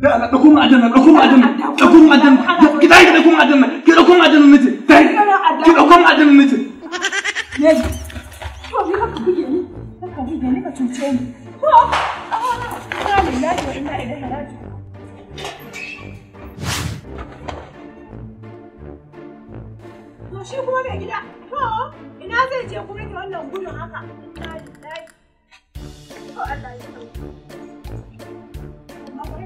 لا لا اكون مع جنة اكون مع جنة اكون مع جنة كده كده اكون مع جنة كده اكون مع جنة متى كده اكون مع جنة متى يلا شوف يا اخي بيجي يعني اخي بيجي يعني بتنساني لا لا لا اله لا لا لا. mai gida to ina zai je kuma ki wannan gudun haka ina lillahi to Allah ya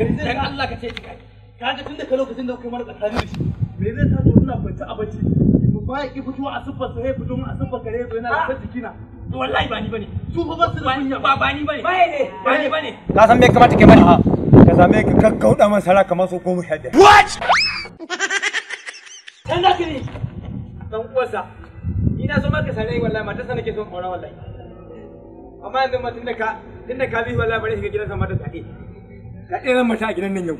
me Allah ka ce ki kai kaga tunda ka lokacin da kai mana tsakani da shi me zai sa to ina a bacci mu ba ki fitowa a sufa sai fito a sufa kare zo yana da jikina ah! wallahi ba ni bane su fa ba su da kunya ba ba ni bane ba ne ba ni bane ka san me kamata kai bane ka same ka kakkauda man sara kamar so ko mu shadda what dan da kini dan uwarsa ni na so maka sare wallahi matarsa nake so kora wallahi amma yanzu ma da ka da ka bi wallahi bare shiga gidansa mata take Ka ɗaya zan mata a gidan nan yau